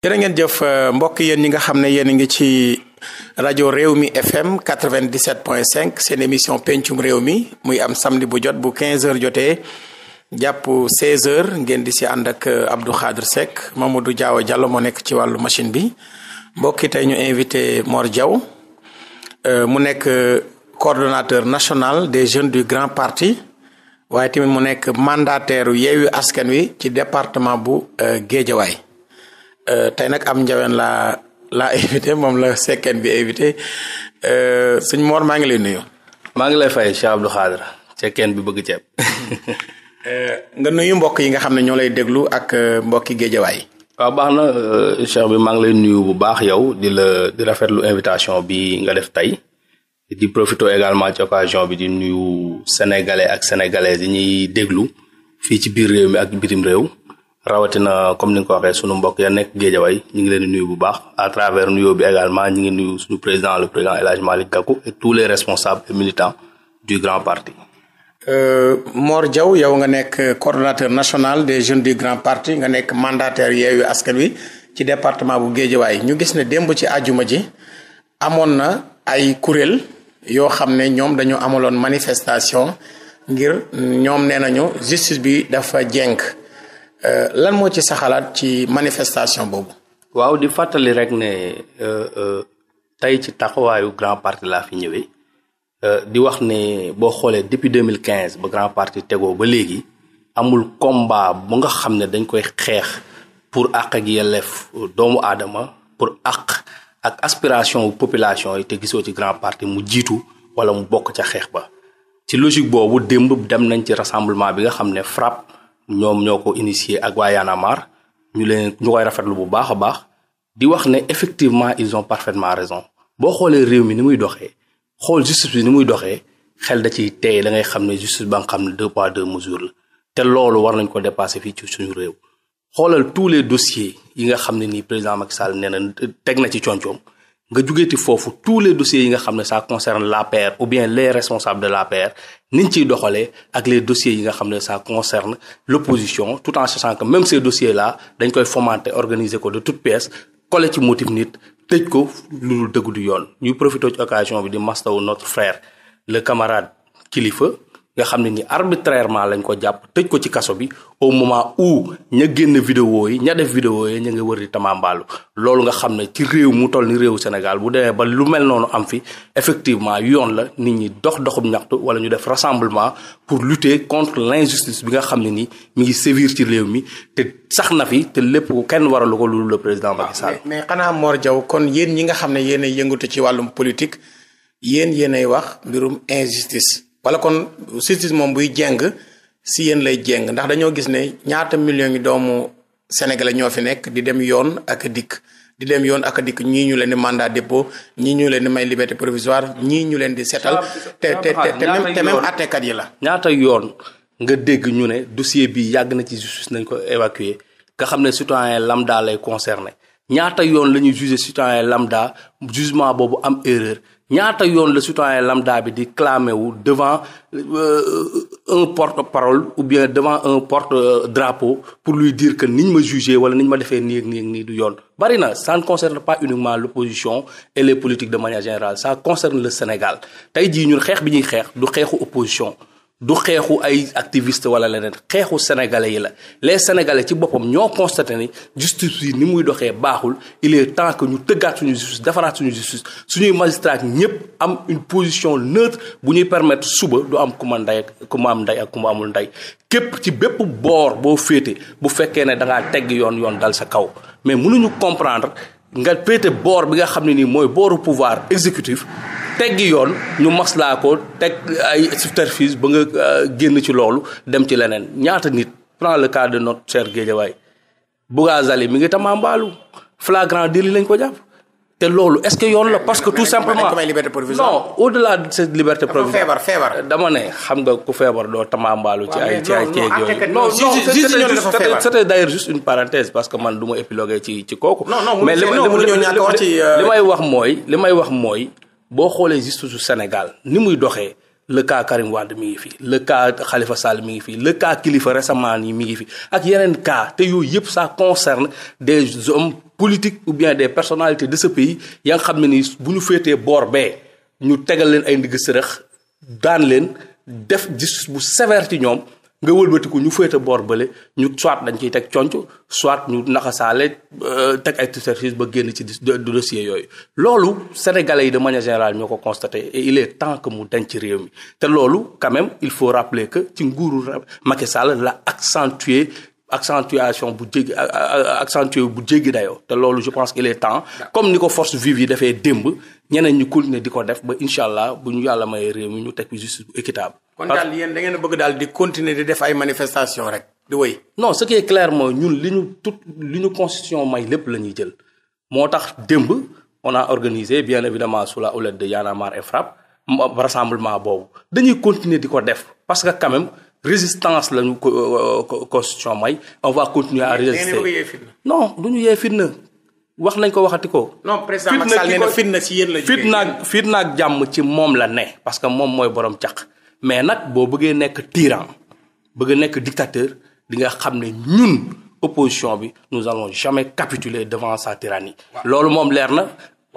jërë ngeen jëf euh, mbokk yéen ñi nga xam ne yéen a ngi ci rajo réew mi fm 97.5 seen émission pencum réew mi muy am samedi bu jot bu 15 heures jotee jàpp 16 heures ngeen di si ànd ak euh, Abdou Khadre Seck du Diawa Diallo moo nekk ci wàllu machine bi mbokki tey ñu invité Mor Diaw euh, mu nekk coordonnateur national des jeunes du grand parti waaye tamit mu nekk mandataire yeewu askan wi ci département bu Guédiawaye Euh, tey nag am njaween la laa invité moom la sekkeen bi invité euh, suñ Mor maa ngi lay nuyu. maa ngi lay fay Cheikh Abdou Khadra sekkeen bi bëgg ceeb. Euh, nga nuyu mbokk yi nga xam ne ñoo lay déglu ak mbokki géejawaay. waaw baax na Cheikh bi maa ngi lay nuyu bu baax yow di la di rafetlu invitation bi nga def tey di profito également ci occasion bi di nuyu sénégalais ak sénégalaises yi ñuy déglu fii ci biir réew mi ak bitim réew. rawatina comme ni nga ko waxee sunu mbokk ya nekk Géejawaay ñu ngi leen di nuyu bu baax à travers nuyoo bi également ñu ngi nuyu suñu président le président El Hadj Malick Gakou et tous les responsables et militants du grand parti. Euh, Mor jaw yow nga nekk coordonnateur national des jeunes du grand parti nga nekk mandataire Yewwi Askan Wi ci département bu Géejawaay ñu gis ne démb ci ajuma ji amoon na ay kuréel yoo xam ne ñoom dañu amaloon manifestation ngir ñoom nee nañu justice bi dafa jénk. Euh, lan moo ci sa ci manifestation boobu. waaw di fàttali rek ne euh, euh, tey ci taxawaayu grand parti laa fi ñëwee di wax ne boo xoolee depuis 2015 ba grand parti tegoo ba léegi amul combat bu nga xam ne dañ koy xeex pour àq ak yelleef doomu aadama pour àq ak aspiration population yi te gisoo ci grand parti mu jiitu wala mu bokk ca xeex ba ci logique boobu démb dem nañ ci rassemblement bi nga xam ne FRAPP. ñoom ñoo ko initié ak waa Yanamar ñu leen ñu koy rafetlu bu baax a baax di wax ne effectivement ils ont parfaitement raison boo xoolee réew mi ni muy doxee xool justice bi ni muy doxee xel da ciy tey da ngay xam ne justice ba xam ne deux poids deux mesures la te loolu war nañ ko dépasser fii ci suñu réew xoolal tous les dossiers yi nga xam ne nii président Macky Sall nee na teg na ci cooncoom nga jugeeti foofu tous les dossiers yi nga xam ne ça concerne l'APR ou bien les responsables de l'APR niñ ciy doxalee ak les dossiers yi nga xam ne ça concerne l'opposition tout en sachant que même ces dossiers là dañ koy fomenter organiser ko de toutes pièces coller ci motif nit tëj ko lu dul dëgg du yoon ñu profité ci occasion bi di mastawu notre frère le camarade kilifa nga xam ne ni arbitrairement lañ ko jàpp tëj ko ci kaso bi au moment où ña génn vidéo yi ña def vidéo yi ñu nga wër di tamambaalu loolu nga xam ne ci réew mu toll ni réewu Sénégal bu demee ba lu mel noonu am fi effectivement yoon la nit ñi dox doxub ñaxtu wala ñu def rassemblement pour lutter contre l'injustice bi nga xam ne ni mi ngi sévir ci réew mi te sax na fi te lépp kenn waralu ko loolu le président Macky Sall ah, mais xanaa Mor Diaw kon yéen ñi nga xam ne yéen a ci wàllum politique yéen yéenay wax mbirum injustice wala kon justice moom buy jeng si yéen lay jeng ndax dañoo gis ne ñaata millions yi doomu sénégalais ñoo fi nekk di dem yoon ak dikk di dem yoon ak dikk ñii ñu leen di mandat ñii ñu leen may liberté provisoire ñii ñu leen di setal te te te même te yi la. ñaata yoon nga dégg ñu ne dossier bi yàgg na ci justice nañ ko évacuer nga xam ne citoyen lambda lay concerné ñaata yoon lañuy ñuy jugé citoyen lambda jugement boobu am erreur. ñaata yoon la citoyen lambda bi di clamé wu devant euh, un porte-parole ou bien devant un porte-drapeau pour lui dire que niñ ma jugé wala niñ ma defee nii nii nii du yoon bari na ça ne concerne pas uniquement l'opposition et les politique de manière générale ça concerne le Sénégal tey jii ñun xeex bi ñuy xeex du xeexu opposition du xeexu ay activiste wala leneen xeexu sénégalais yi la les sénégalais ci boppam ñoo constaté ni justice yi ni muy doxee baaxul il est temps que ñu tëggaat suñu justice defaraat suñu justice suñuy magistrat ñëpp am une position neutre bu ñuy permettre suba du am ku ma ndey ku ma am ndey ak ku ma amul ndey képp ci bépp boor boo féete bu fekkee ne da ngaa tegg yoon yoon dal sa kaw mais mënuñu comprendre nga péete boor bi nga xam ne nii mooy booru pouvoir exécutif teggi yoon ñu maslaa ko teg ay subterfuge ba nga euh, génn ci loolu dem ci leneen ñaata nit prend le cas de not notre cher Guédiawaye Bougazali mi ngi tamaambaalu flagrant délit lañ ko jàpp te loolu est-ce que yoon la parce que tout simplement non au-delà de cette liberté provisoire dama ne xam nga ku feebar doo tamaambaalu ci ay ci ay ceeg yooyu non c'était d'ailleurs juste une parce que man du ma épiloguer ci ci kooku mais li euh, may wax mooy li may wax mooy boo xoolee justice su Sénégal ni muy doxee le cas Karim Wade mi ngi fii le cas Khalifa Sall mi ngi fii le cas Kilifeu récemment nii mi ngi fi ak yeneen cas te yooyu yëpp ça concerne des hommes politiques ou bien des personnalités de ce pays ya xam ne ni bu ñu féetee boor bee ñu tegal leen ay ndigg sërëx daan leen def justice bu sévère ci ñoom nga wëlbatiku ñu féete boor bële ñu soit dañ ciy teg conc soit ñu naxasaale euh, teg ay service ba génn ci dossier yooyu loolu sénégalais yi de manière générale ñoo ko constaté et il est temps que mu dañ ci réew mi te loolu quand même il faut rappeler que ci nguuru Macky Sall la accentuer accentuation bu jéggi accentuer bu jéggi dayoo te loolu je pense qu'il est temps comme ni ko force vive yi dafay démb ñeneen ñu continuer di ko def ba incha allah bu ñu yàlla may réew mi ñu teg justice bu équitable. kon daal yéen da bëgg daal di continuer di def ay manifestation rek di wéy. non ce qui est clair mooy ñun li ñu tout li ñu constitution may lépp la ñuy jël moo tax démb on a organisé bien évidemment sous la houlette de Y en a marre et FRAPP rassemblement boobu dañuy continuer di ko def parce que quand même résistance lañu euh, constitution may on va continuer à résister wax nañ ko waxati ko. non président Macky Sall na fitna ci yéen la jógee fitna fitna jàmm ci moom la ne. parce que moom mooy borom caq mais nag boo bëggee nekk tyran bëgg nekk dictateur di nga xam ne ñun opposition bi nous allons jamais capituler devant sa tyrannie. loolu moom leer na.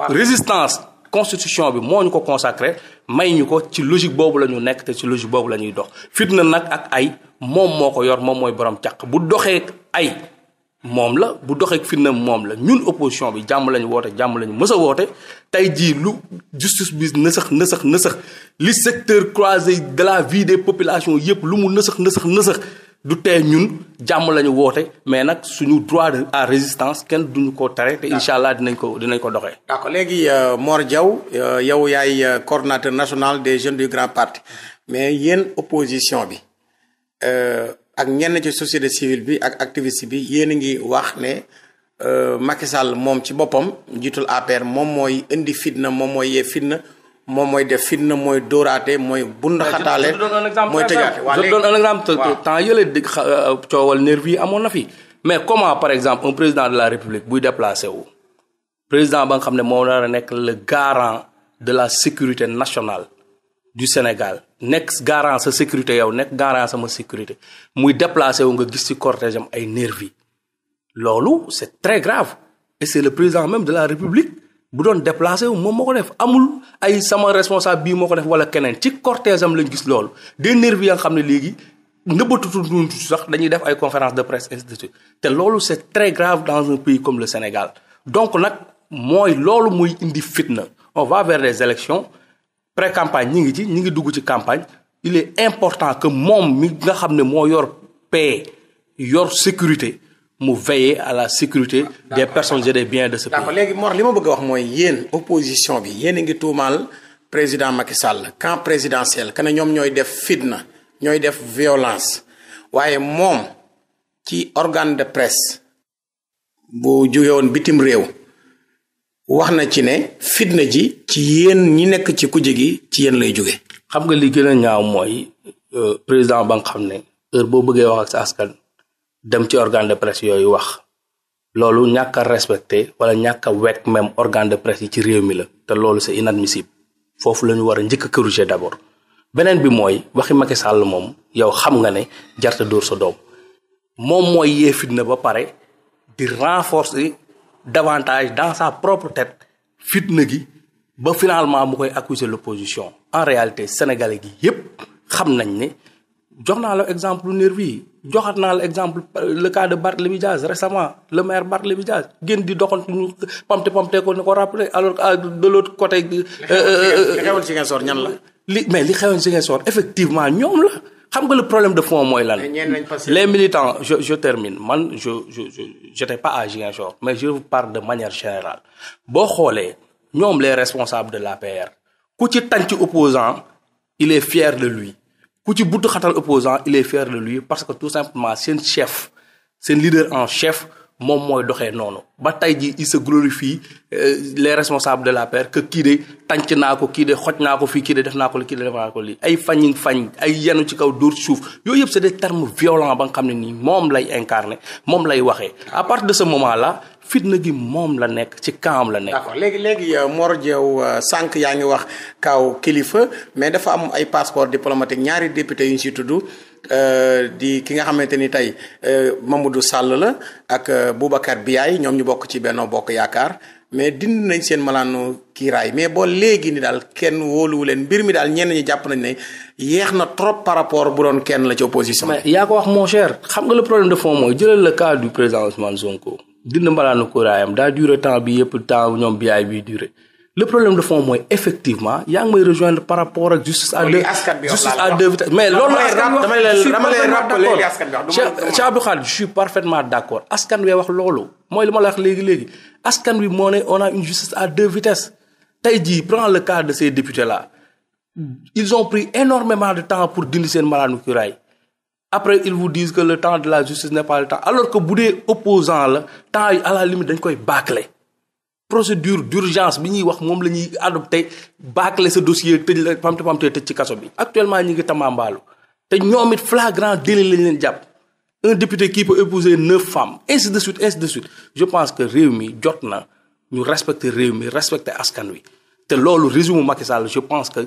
résistance constitution bi moo ñu ko consacré may ñu ko ci logique boobu la ñu nekk te ci logique boobu la ñuy dox fitna nag ak ay moom moo ko yor moom mooy borom caq bu doxee ay. moom la bu doxeek firnam moom la ñun opposition bi jàmm lañu woote jàmm lañ mës a woote tey jii lu justice bi nësax nësax nësax li secteur croisé de la vie des populations yëpp lu mu nësax nësax nësax du tee ñun jàmm lañu woote mais nag suñu droit à résistance kenn duñu ko tere te incha allah dinañ ko dinañ ko doxee. ko léegi euh, Mor Diaw euh, yow yaay euh, coordonnateur national des jeune du Grand Parti mais yéen opposition bi. ak ñenn ci société civile bi ak activiste bi yéen a ngi wax ne euh, Macky Sall moom ci boppam njiitul APR moom mooy indi fitna moom mooy yee moom mooy def fitna mooy dóoraate mooy bundaxataale mooy tëjaate je donne un exemple temps yële di euh, coowal nervi yi amoon na fi mais comment par exemple un président de la république buy déplacé wu président ba nga xam ne moom la a nekk le garant de la sécurité nationale du Sénégal nekk garant sa sécurité yow nekk garant sama sécurité muy déplacé wu nga gis ci cortège am ay nervi loolu c'est très grave et c'est le président même de la république bu doon déplacé wu moom moo ko def amul ay sama responsable bii moo ko def wala keneen ci cortège am lañ gis loolu des nervi ya nga xam ne léegi nëbbatutuñu sax dañuy def ay conférence de presse ainsi de te loolu c'est très grave dans un pays comme le Sénégal donc nag mooy loolu muy indi fitna on va vers les élections pré campagne ñi ngi ci ñi ngi dugg ci campagne il est important que moom mi nga xam ne moo yor paix yor sécurité mu veiller à la sécurité des personnes et des biens de ce pays. d'accord léegi Mor li ma bëgg a wax mooy yéen opposition bi yéen a ngi tuumaal président Macky Sall camp présidentiel que ñoom ñooy def fitna ñooy def violence waaye moom ci organe de presse bu jóge woon bitim réew. wax na ci ne fitna ji ci yéen ñi nekk ci kujje gi ci yéen lay jóge xam nga li gën a ñaaw mooy euh, président ba nga xam ne heure boo bëggee wax ak sa askan dem ci organe de presse yooyu wax loolu ñàkk a wala ñàkk a wekk même organe de presse yi ci réew mi la te loolu c'est inadmissible foofu la ñu war a njëkk a corriger d'abord beneen bi mooy waxi Macky Sall moom yow xam nga ne jarta dóor sa doom moom mooy yee fitna ba pare di renforcer davantage dans sa propre tête fitna gi ba finalement mu koy accuser l'opposition en réalité sénégalais gi yépp xam nañ ni jox naa la exemple nervi yi joxat naa la exemple euh, le cas de Barthélémy Diaz récemment le maire Barthélémy Diaz génn di doxantu ñu pamte pamte ko ne ko rappelé alors que euh, de l'autre côté. Euh, li xewoon Ziguinchor ñan la. li mais li xewoon Ziguinchor effectivement ñoom la. xam nga le problème de fond mooy lan. les militants je je termine man je je je j'étais pas à Ziguinchor mais je parle de manière générale boo xoolee ñoom les responsables de la l'APR ku ci tànc opposant il est fier de lui ku ci butu xatal opposant il est fier de lui parce que tout simplement seen chef seen leader en chef. moom mooy doxee noonu ba tey ji il se glorifie euh, les responsables de la per kii de tànc naa ko kii de xoj naa ko fii kii de def naa ko li kii de def naa ko lii ay fañi fañ ay yenu ci kaw du suuf yooyu yëpp c'est des termes violents ba nga xam ne nii moom lay incarner moom lay waxee à partir de ce moment la fitna gi moom la nekk ci kaam la nekk. d'accord léegi léegi euh, Mor Diaw euh, sànq yaa ngi wax kaaw kilifa mais dafa am ay passeport diplomatique ñaari député yu ñu si tudd euh, di ki nga xamante ni tey Mamadou sàll la ak bi yaay ñoom ñu bokk ci Benno Bokk Yaakaar. mais dind nañ seen malaanu kiiraay mais boo léegi ni daal kenn wóoluwu leen mbir mi daal ñenn ñi jàpp nañ ne yeex na trop par rapport bu doon kenn la ci opposition. mais yaa ko wax mon cher xam nga le problème de fond mooy jëlal le cas du président dina mbalaanu koraayam daa duré temps bi yëpp temps ñoom biyaay bi duré le problème de fond mooy effectivement yaa ngi may rejoindre par rapport ak justice à deux justice à deux vitesses mais loolu Cheikh Abdou Khadre je suis parfaitement d'accord askan wee wax loolu mooy li ma la wax léegi-léegi askan wi moo ne on a une justice à deux vitesses tey jii prend le cas de ces députés là ils ont pris énormément de temps pour dindi seen mbalaanu koraay après ils vous disent que le temps de la justice n'est pas le temps alors que bu dee opposant la temps yi à la limite dañ koy bâcler procédure d'urgence bi ñuy wax moom la ñuy adopté bâcler sa dossier tëj la pamte pamte tëj ci kaso bi actuellement ñi ngi tamaambaalu te ñoom it flagrant délit leen jàpp un député qui peut épouser neuf femmes ainsi de suite ainsi de suite je pense que réew mi jot na ñu respecter réew mi respecter askan wi te loolu résumé Macky Sall je pense que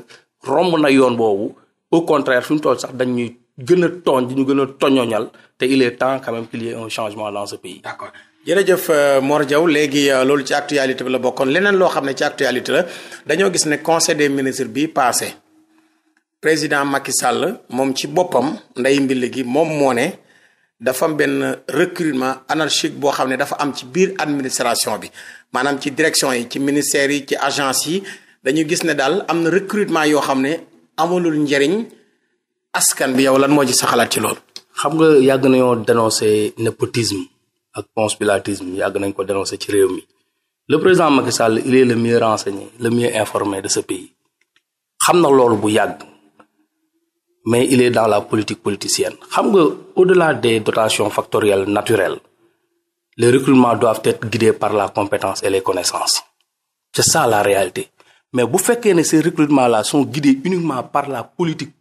romb na yoon boobu au contraire fi mu sax dañ ñuy gën a tooñ di ñu gën a toñoñal te il est temps quand même un changement dans ce pays. d'accord jërëjëf euh, Mor Diaw léegi euh, loolu ci actualité bi la bokkoon leneen loo xam ne ci actualité la dañoo gis ne conseil des ministres bi passé président Macky Sall moom ci boppam ndey mbill gi moom moo ne dafa am benn recrutement anarchique boo xam ne dafa am ci biir administration bi maanaam ci direction yi ci ministères yi ci agence yi dañu gis ne daal am na recrutement yoo xam ne amalul njariñ askan bi yow lan moo ci sa ci lool xam nga yàgg nañoo dénoncer népotisme ak conspiratisme yàgg nañ ko dénoncer ci réew mi le président Macky Sall il est le mieux renseigné le mieux informer de ce pays xam na loolu bu yàgg mais il est dans la politique politicienne xam nga au-delà des dotations factorielles naturelles les recrutements doivent être guidés par la compétence et les connaissances c'est ça la réalité mais bu fekkee ne ces recrutements là sont guidés uniquement par la politique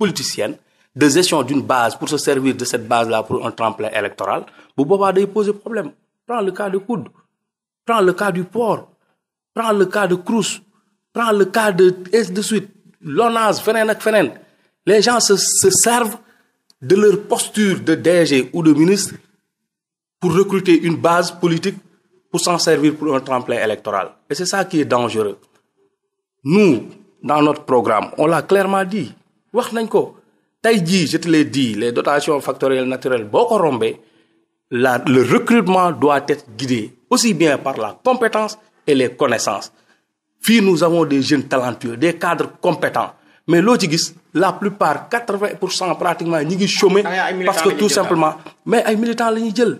de gestion d'une base pour se servir de cette base là pour un tremplin électoral bu boobaa day poser problème prends le cas de Koud prends le cas du port prends le cas de Crous prends le cas de ainsi de suite l'ONAS feneen ak feneen les gens se se servent de leur posture de DG ou de ministre pour recruter une base politique pour s'en servir pour un tremplin électoral et c'est ça qui est dangereux nous dans notre programme on l'a clairement dit wax nañ ko tey jii je te l'ai dit les dotation factorielles naturelles boo ko rombee la le recrutement doit être guidé aussi bien par la compétence et les connaissances fii nous avons de jeunes talentueux des cadres compétents mais loo ci gis la plupart quatre-vingts pour cent pratiquement ñi ngi chômé ah, parce que tout simplement ah. mais ay militants la ñuy jël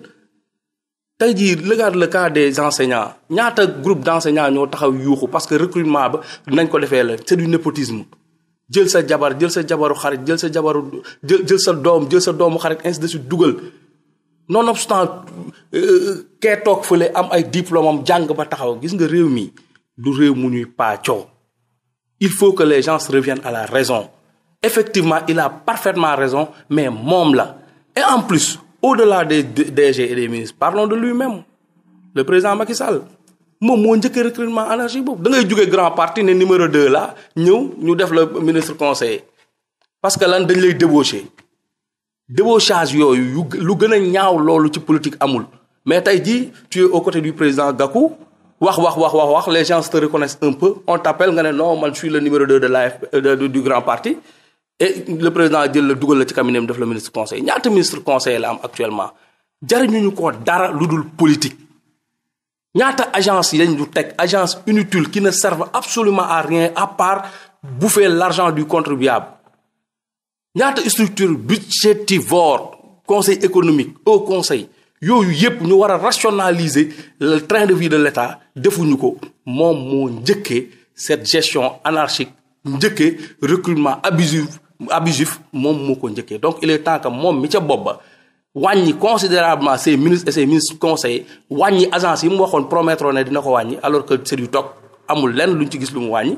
tey jii regarde le cas des enseignants ñaata groupe d'enseignants ñoo taxaw yuuxu parce que recrutement ba nañ ko defee la c'est du népotisme jël sa jabar jël sa jabaru xarit jël sa jabaru jël jël sa doom jël sa doomu xarit ainsi de suite dugal nonobstant euh, kee toog fële am ay diplôme am jàng ba taxaw gis nga réew mi du réew mu ñuy paacoo il faut que les gens reviennent à la raison effectivement il a parfaitement raison mais moom la et en plus au-delà des DG et des ministres parlons de lui-même le président Macky Sall moom moo njëkkee recrutement énergie boobu da ngay jugee grand parti ne numéro 2 la ñëw ñu def la ministre conseiller parce que lan dañ lay débaucher débauchage yooyu yu lu gën a ñaaw loolu ci politique amul mais tey jii tu es aux côtés du président Gakou wax wax wax wax wax les gens te reconnaissent un peu on t'appelle nga ne non man je le numéro deux de l'AFP euh, du grand parti et le président jël la dugal la ci cabinet def la ministre conseil ñaata ministre conseil am actuellement jariñu ñu ko dara lu dul politique ñaata agence yañ du teg agence inutile qui ne servent absolument à rien à part bouffer l'argent du contribuable ñaata structure budgétivore conseil économique au conseil yooyu yépp ñu war a rationaliser le train de vie de l'État defuñu ko moom moo njëkkee cette gestion anarchique njëkkee recrutement abusif abusif moom moo ko njëkkee donc il est temps que moom mi ca bopp ba wàññi considérablement ses ministres conseil ses ministres conseillers wàññi agence yi mu waxoon promettre ne dina ko wàññi alors que sër yu toog amul lenn luñ ci gis lu wàññi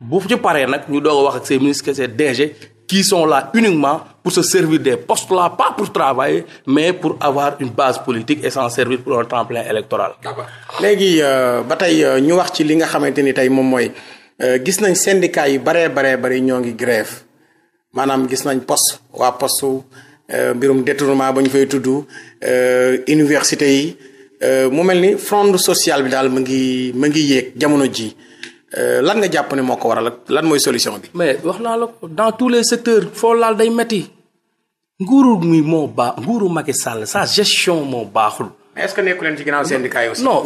bu ci paree nag ñu doog a wax ak ses ministres et ses DG qui sont là uniquement pour se servir des post la pas pour travailler mais pour avoir une base politique et s'en servir pour un tremplin électoral. d'accord léegi euh, ba tey euh, ñu wax ci li nga xamante ni tey moom mooy euh, gis nañ syndicats yi baree baree bari ñoo ngi grève maanaam gis nañ poste waa poste Euh, mbirum détournement ba ñu fay tudd euh, université yi euh, mu mel ni fond sociale bi daal mu ngi mu ngi yéeg jamono ji lan nga jàpp ne moo ko war waral lan mooy solution bi. mais wax naa la ko dans tous les secteurs foo laal day metti nguuru mi moo baax nguuru i Sall sa gestion moo baaxul. mais est-ce que nekku leen ci ginnaaw syndicats yi aussi. non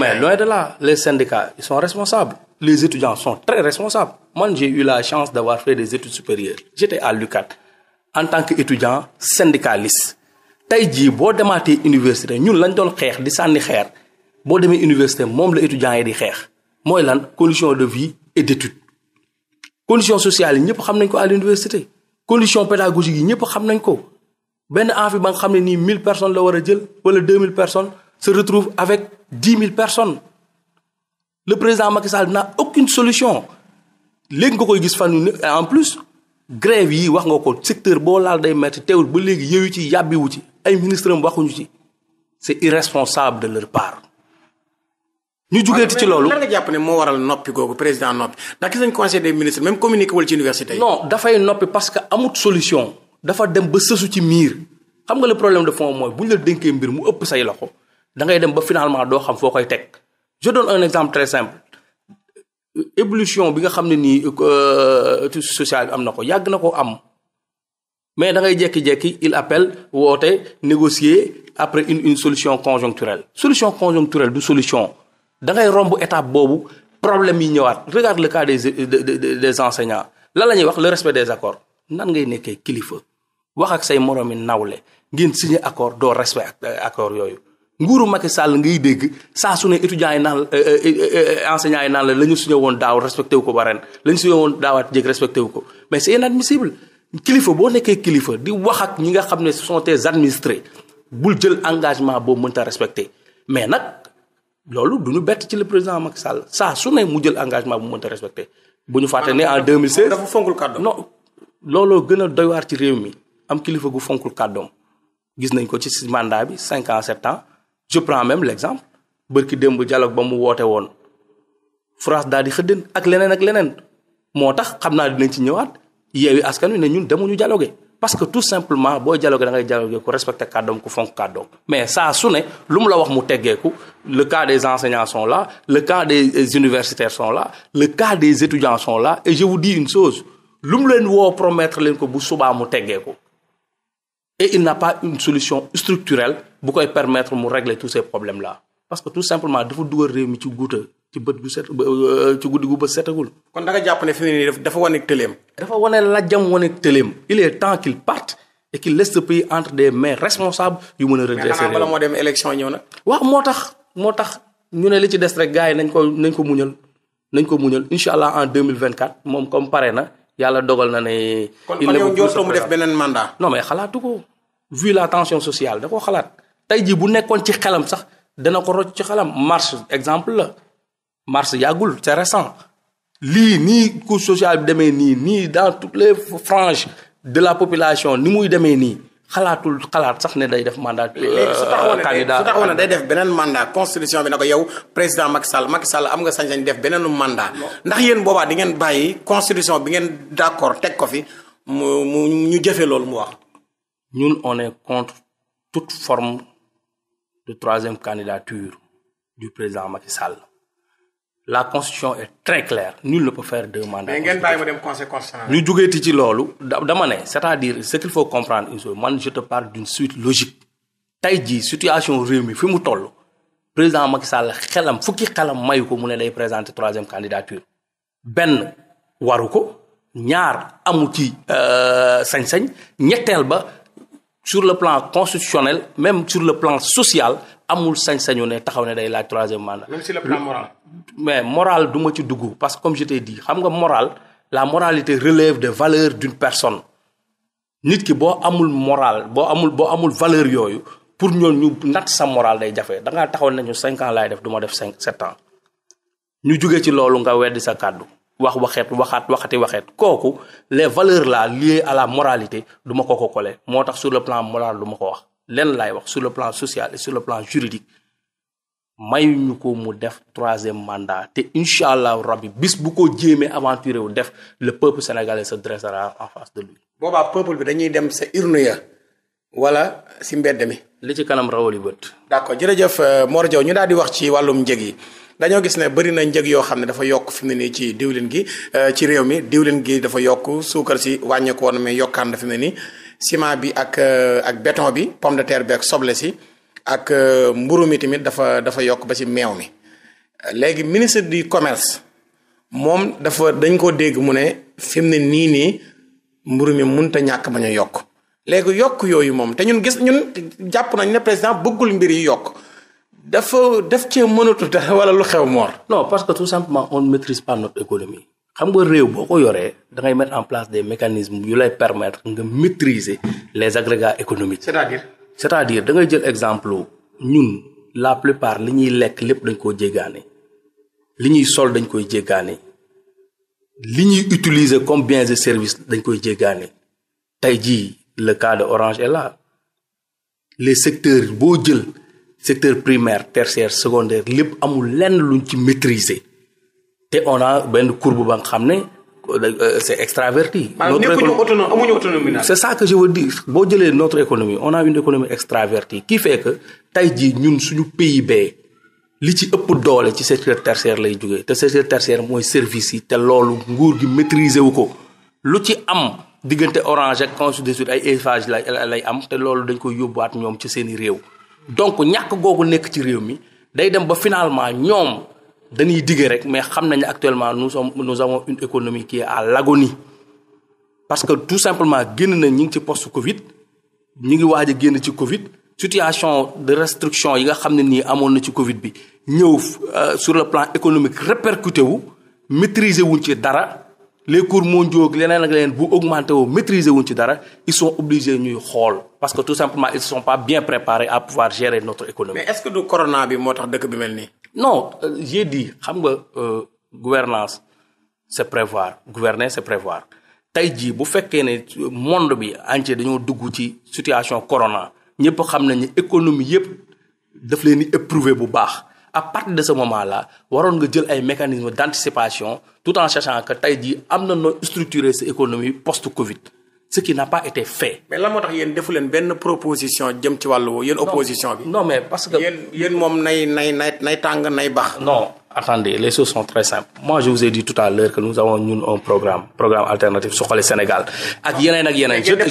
mais de là les syndicats ils sont responsables. les étudiants sont très responsables. man j'ai eu la chance d'avoir fait des études supérieures. j'étais à en tant que étudiant syndicaliste tey jii boo demaatee université ñun lañ doon xeex di sànni xeer boo demee université moom la étudiants yi di xeex mooy lan condition de vie et d'étude condition sociale yi ñëpp xam nañ ko à l'université condition pédagogique yi ñëpp xam nañ ko benn amphi ba nga xam ne nii mille personnes la war a jël wala deux mille personnes se retrouve avec dix mille personnes le président Macky Sall n'a aucune solution léegi nga koy gis fan en plus grève yi wax nga ko secteur boo laal day metti teewul ba léegi yooyu ci yàbbiwu ci ay ministre am waxuñu ci c'est irresponsable de leur part. ñu jugeeti ci loolu lan nga jàpp ne moo waral noppi googu président noppi ndax gis nañ conseil des ministres même communiqué wala ci université yi. dafay noppi parce que amut solution. dafa dem ba sësu ci miir xam nga le problème de fond mooy bu ñu la dénkee mbir mu ëpp say loxo dangay dem ba finalement doo xam foo koy teg je donne un exemple très évolution bi nga xam ne nii euh, sociale bi am na ko yàgg na ko am mais da ngay jékki-jékki il appelle woote négocier après une une solution conjoncturelle solution conjoncturelle du solution da romb étape boobu problème yi ñëwaat regarde le cas des des enseignants lan la ñuy wax le respect des accords nan ngay nekkee kilifa wax ak say moroomi nawle ngeen signé accord doo respect euh, accord yooyu nguuru Macky Sall ngay dégg saa su ne étudiants yi naan euh, euh, euh, enseignants yi naan la la ñu suñu woon daaw respecté wu ko ba ren la ñu suñu woon daawaat jéeg respecté wu ko mais c'est inadmissible kilifa boo nekkee kilifa di wax ak ñi nga xam ne ce sont tes bul jël engagement boobu mënta respecté mais nag loolu du ñu bett ci le président Macky Sall saa su ne mu jël engagement bu mënta respecté bu ñu fàtte ne en 2016 dafa fonkul kàddoom non looloo gën a doy ci réew mi am kilifa gu fonkul kàddoom gis nañ ko ci mandat bi 5 ans 7 je prends même l'exemple bërki démb jaloog ba mu woote woon France daal di xëddeen ak leneen ak leneen moo tax xam naa dinañ ci ñëwaat yeewi askan wi ne ñun ñu dialogue parce que tout simplement booy dialogue da ngay dialogue ku respecté kàddoom ku fonk kàddoom mais saa su ne lu mu la wax mu teggeeku le cas des enseignants la le cas des universitaires sont la le cas des étudiants sont là et je vous dis une chose lu mu leen woo promettre leen ko bu subaa mu teggeeku et il n'a pas une solution structurelle bu koy permettre mu régler tous ces problèmes là parce que tout simplement dafa dugal réew mi ci guuta ci bët gu set euh, ci guddi gu bët setagul. kon da nga jàpp ne fi mu ne nii dafa wane tëleem. dafa wane lajjam wane tëleem il est temps qu'il parte et qu'il laisse pays entre des mains responsables yu mën a redresser réew moo dem élection ñëw na. waaw moo tax moo tax ñu ne li ci des rek gars yi nañ ko nañ ko muñal nañ ko muñal incha allah en 2024 moom comme pare na yàlla dogal na ne. il ne kon yow mu def beneen mandat. non mais xalaatu ko vu la tension sociale da koo xalaat. tey jii bu nekkoon ci xelam sax dana ko rocc ci xelam marche exemple la marche yàggul c'est récent lii nii couche sociale bi demee nii nii dans toutes les franges de la population ni muy demee nii xalaatul xalaat sax ne day def mandat. Euh, candidat su taxawoon ne day def beneen mandat constitution bi na ko yow président Macky Sall Macky Sall am nga sañ-sañ def beneenu mandat. ndax yéen boobaa di ngeen bàyyi constitution bi ngeen d'accord teg ko fi mu mu ñu jëfee loolu mu wax. ñun on est forme. de troisième candidature du président Macky Sall. la constitution est très claire nul ne peut faire deux mandats. mais ngeen bàyyi ma dem ci loolu dama ne c'est-à-dire ce qu'il faut comprendre une chose man je te parle d'une suite logique. tey jii situation réew mi fi mu toll président Macky Sall xelam fukki xelam mayu ko mu ne day présenter troisième candidature benn waru ko ñaar amu ci euh, sañ-sañ ñetteel ba sur le plan constitutionnel même sur le plan social amul sañ-sañu ne taxaw ne day laaj troisième mandat. même sur mais moral duma ci dugg parce que comme je t'ai dit xam nga moral la moralité relève des valeurs d'une personne nit ki boo amul moral boo amul boo amul valeur yooyu pour ñoon ñu natt sa moral day jafe da ngaa taxaw nañu ñu cinq laay def duma def cinq sept ans ñu jóge ci loolu nga weddi sa kàddu. wax waxeet waxaat waxati waxeet kooku les valeurs la liées à la moralité du ko ko kole moo tax sur le plan moral du ko wax leen laay wax sur le plan social et sur le plan juridique mayuñu ko mu def troisième mandat te incha allahu rabbi bis bu ko jéemee aventuré wu def le peuple sénégalais se dressera en face de lui. boobaa peuple bi dañuy dem sa urne ya wala si mbedd mi. li ci kanam rawali bët. d'accord jërëjëf euh, Mor Diaw ñu daal di wax ci wàllum njëg yi. dañoo gis ne bëri na njëg yoo xam ne dafa yokk fi mu nii ci diwlin gi euh, ci réew mi diwlin gi dafa yokk suukar si wàññeeku woon mais yokkaan na fi ne nii ciment bi ak euh, ak béton bi pomme de terre bi ak soble si ak euh, mburu mi tamit dafa dafa yokk ba si meew mi léegi ministre du commerce moom dafa dañ koo dégg mu ne fi mu ne nii nii mburu mi mënut a ñàkk bañ yokk léegi yokk yooyu moom te ñun gis ñun jàpp nañ ne président bëggul mbir yi yokk dafa def cee mënatu dara wala lu xew moor. non parce que tout simplement on ne maîtrise pas économie. xam nga réew boo ko yoree da ngay en place des mécanismes yu lay permettre nga maîtriser les agrégats économies c'est-à-dire. cest à da ngay jël exemple ñun la plupart li ñuy lekk lépp dañ koo jéggaane li ñuy sol dañ koy jéggaane li ñuy utiliser comme biens de services dañ koy jéggaane tey jii le cas de Orange est là les secteurs boo jël. secteur primaire tertiaire secondaire lépp amul lenn luñ ci maîtriser te on a benn courbe ba nga xam ne euh, c'est extraverti. notre économie amuñu autonomie c'est ça que je veux boo jëlee notre économie on a une économie extravertie qui fait que tey jii ñun suñu PIB li ci ëpp doole ci secteur tertiaire lay jóge te secteur tertiaire mooy service yi te loolu nguur gi maîtriser wu ko lu ci am diggante orange ak ainsi de suite ay élevage lay lay am te loolu dañ koy yóbbuwaat ñoom ci seeni réew. donc ñàkk googu nekk ci réew mi day dem ba finalement ñoom dañuy digee rek mais xam nañu actuellement nous sommes nous avons une économie qui est à l'agonie parce que tout simplement génn na ñi ngi ci post Covid ñu ngi waaj a génn ci Covid situation de restriction yi nga xam ne nii amoon na ci Covid bi ñëw euh, sur le plan économique répercuté wu maîtriser wuñ ci dara. les cours mondiaux leneen ak leen bu augmenté woo maîtriser wuñ ci dara ils sont obligés ñuy xool parce que tout simplement ils sont pas bien préparés à pouvoir gérer notre économie. mais est-ce que du corona bi moo tax dëkk bi mel nii. non euh, j'ai dit xam nga euh, gouvernance c'est prévoir gouverner c'est prévoir tey jii bu fekkee ne monde bi entier dañoo dugg ci situation corona ñëpp xam nañu économie yëpp def leen di éprouver bu baax. à partir de ce moment la waroon nga jël ay mécanismes d' anticipation tout en sachant que tey jii am na noo structurer sa économie post Covid ce qui n'a pas été fait. mais lan moo tax yéen defu leen benn proposition jëm ci wàllu yéen opposition bi. non mais parce que yéen yéen moom nay nay nay nay tàng nay baax. non attendez les choses sont très simples. moi je vous ai dit tout à l'heure que nous avons ñun un programme programme alternatif Suxali Sénégal ak yeneen ak yeneen. nga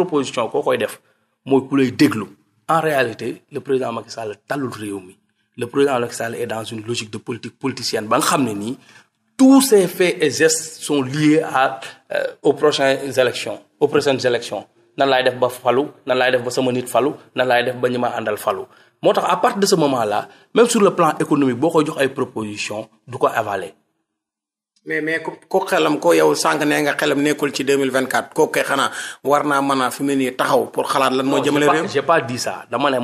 proposition koo koy def mooy ku lay déglu. en réalité le président Macky Sall talul réew mi le président Macky Sall est dans une logique de politique politicienne ba nga xam ne nii tous ces faits et gestes sont liés à euh, aux prochaines élections aux prochaines élections nan laay def ba falu nan laay def ba sama nit falu nan laay def ba ñi ma àndal falu moo tax à partir de ce moment là même sur le plan économique boo koy jox ay propositions du ko avaler mais mais ko xelam ko yow sànq nee nga xelam nekkul ci 2024 kooku kay xanaa war naa mën a fi mu nii taxaw pour xalaat lan moo jëmale réew. j'ai pas dit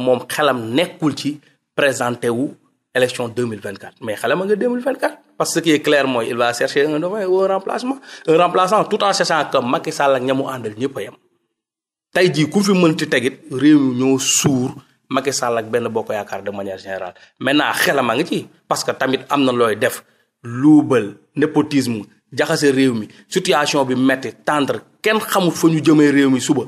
moom xelam nekkul ci présenté wu élection 2024 mais xelam a nga 2024. parce que ce qui est clair mooy il va chercher un nouveau remplacement un remplaçant tout en sachant que Macky ñëpp a tey jii ku fi mën mënti tegit réew mi ñoo suur Macky Sall ak benn bokk yaakaar de manière générale maintenant xelam a ngi ci parce que tamit am na looy def. luubal népotisme jaxase réew mi situation bi metti tendre kenn xamul fa ñu jëmee réew mi suba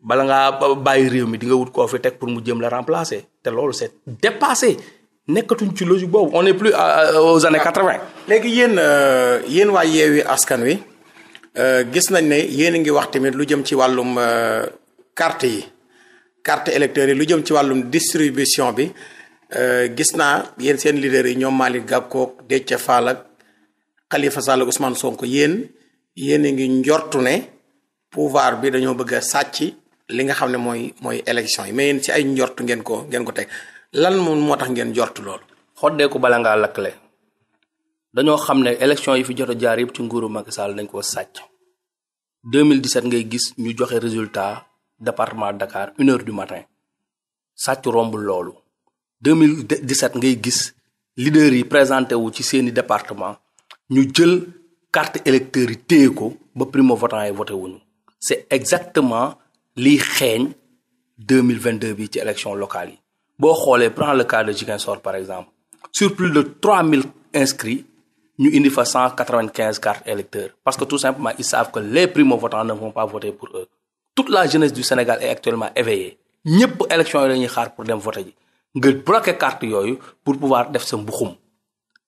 bala nga bàyyi réew mi di nga wut koo fi teg pour mu jëm la remplacer te loolu seet dépassé nekkatuñ ci logique boobu on est plus aux années quatre-vingt. léegi yéen euh, yéen waa Yewwi Askan Wi euh, gis nañ ne yéen a ngi wax tamit lu jëm ci wàllum euh, carte yi carte électeurs yi lu jëm ci wàllum distribution bi. Euh, gis naa yéen seen leader yi ñoom Malick Gakou Déthié Fall kalifa Khalifa Sall ak Ousmane Sonko yéen yéen a ngi njortu ne pouvoir bi dañoo bëgg a sàcc li nga xam ne mooy mooy élection yi mais yenn ci ay njortu ngeen ko ngeen ko teg lan moom moo tax ngeen njortu loolu. xoddeeku bala ngaa lakkle dañoo xam ne élection yi fi jot a jaar yëpp ci nguuru mag Sall dañ koo sàcc 2017 ngay gis ñu joxe résultat département Dakar une heure du matin sàcc romb loolu. 2017 ngay gis leader yi présenté wu ci seeni département ñu jël carte électeurs yi téye ko ba primo votant yi voté wuñu c'est exactement liy xeeñ 2022 bi ci élection locale yi boo xoolee prend le cas de Ziguinchor par exemple sur plus de 3000 inscrits ñu indi fa 195 cartes électeurs parce que tout simplement ils savent que les primo votants ne vont pas voter pour eux toute la jeunesse du Sénégal est actuellement éveillée ñëpp élection yi la ñuy xaar pour dem voter ji nga bloqué carte yooyu pour pouvoir def sa mbuxum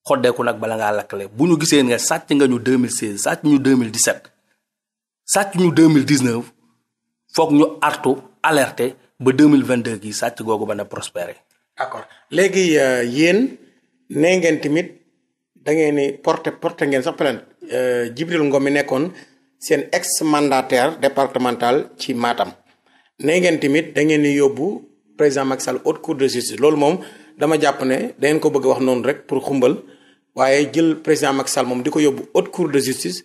xoddeeku nag bala ngaa lakkale bu ñu gisee nga sàcc nga ñu 2016 sàcc ñu 2017 sàcc ñu 2019 foog ñu artu alerte ba 2022 gi sàcc googu ba na prospéré. d'accord léegi euh, yéen nee ngeen tamit da ngeen porté porté ngeen sax plainte euh, Djibril Ngom mi nekkoon seen ex mandataire départemental ci Matam nee ngeen tamit da ngeen di yóbbu. président Macky Sall haute cour de justice loolu moom dama jàpp ne dangeen ko bëgg wax noonu rek pour xumbal waaye jël président Macky moom di ko yóbbu haute cour de justice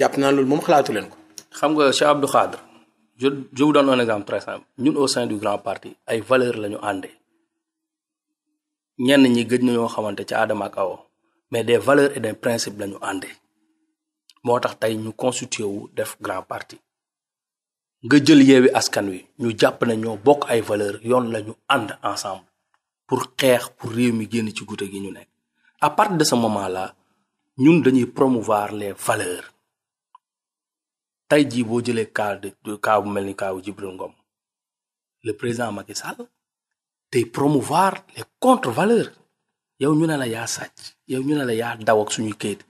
jàpp naa loolu moom xalaatu leen ko. xam nga Cheikh Abdou Khadre je je vous donne un exemple très simple ñun au sein du grand parti ay valeur la ñu àndee ñenn ñi gëj na ñoo xamante ci aadama ak awo mais des valeur et des principes la ñu àndee moo tax tey ñu constitué wu def grand parti. nga jël yeewi askan wi ñu jàpp nañoo bokk ay valeur yoon la ñu ànd ensemble pour xeex pour réew mi génn ci gudde gi ñu nekk à partir de ce moment la ñun dañuy promouvoir les valeurs tey jii boo jëlee cas de cas bu mel ni cas bu Djibril Ngom le président Macky Sall tey promouvoir les contre valeurs yow ñu ne la yaa sàcc yow ñu ne la yaa daw ak suñuy kayit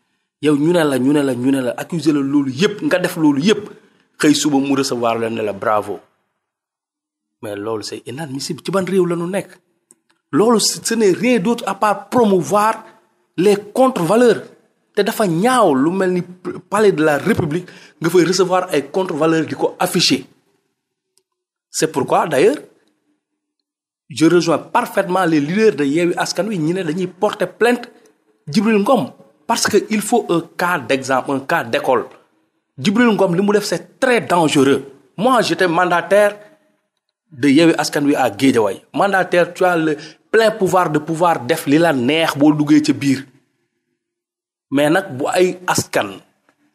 yow ñu ne la ñu ne la ñu ne la accuser la loolu yépp nga def loolu yépp xëy suba mu recevoir la ne la bravo mais loolu c'est inadmissible ci ban réew la ñu nekk loolu ce n'est rien d'autre à part promouvoir les contre-valeurs te dafa ñaaw lu mel ni palais de la république nga fay recevoir ay contre valeur gi ko afficher c'est pourquoi d'ailleurs je rejoins parfaitement les leaders de Yewwi Askan Wi ñi ne dañuy porter plainte Djibril Ngom parce que il faut un cas d'exemple un cas d'école Djibril Ngom li mu def c'est très dangereux moi j'étais mandataire de Yewwi Askan Wi à Guédiawaye mandataire tu as le plein pouvoir de pouvoir def li la neex boo duggee ca biir mais nag bu ay askan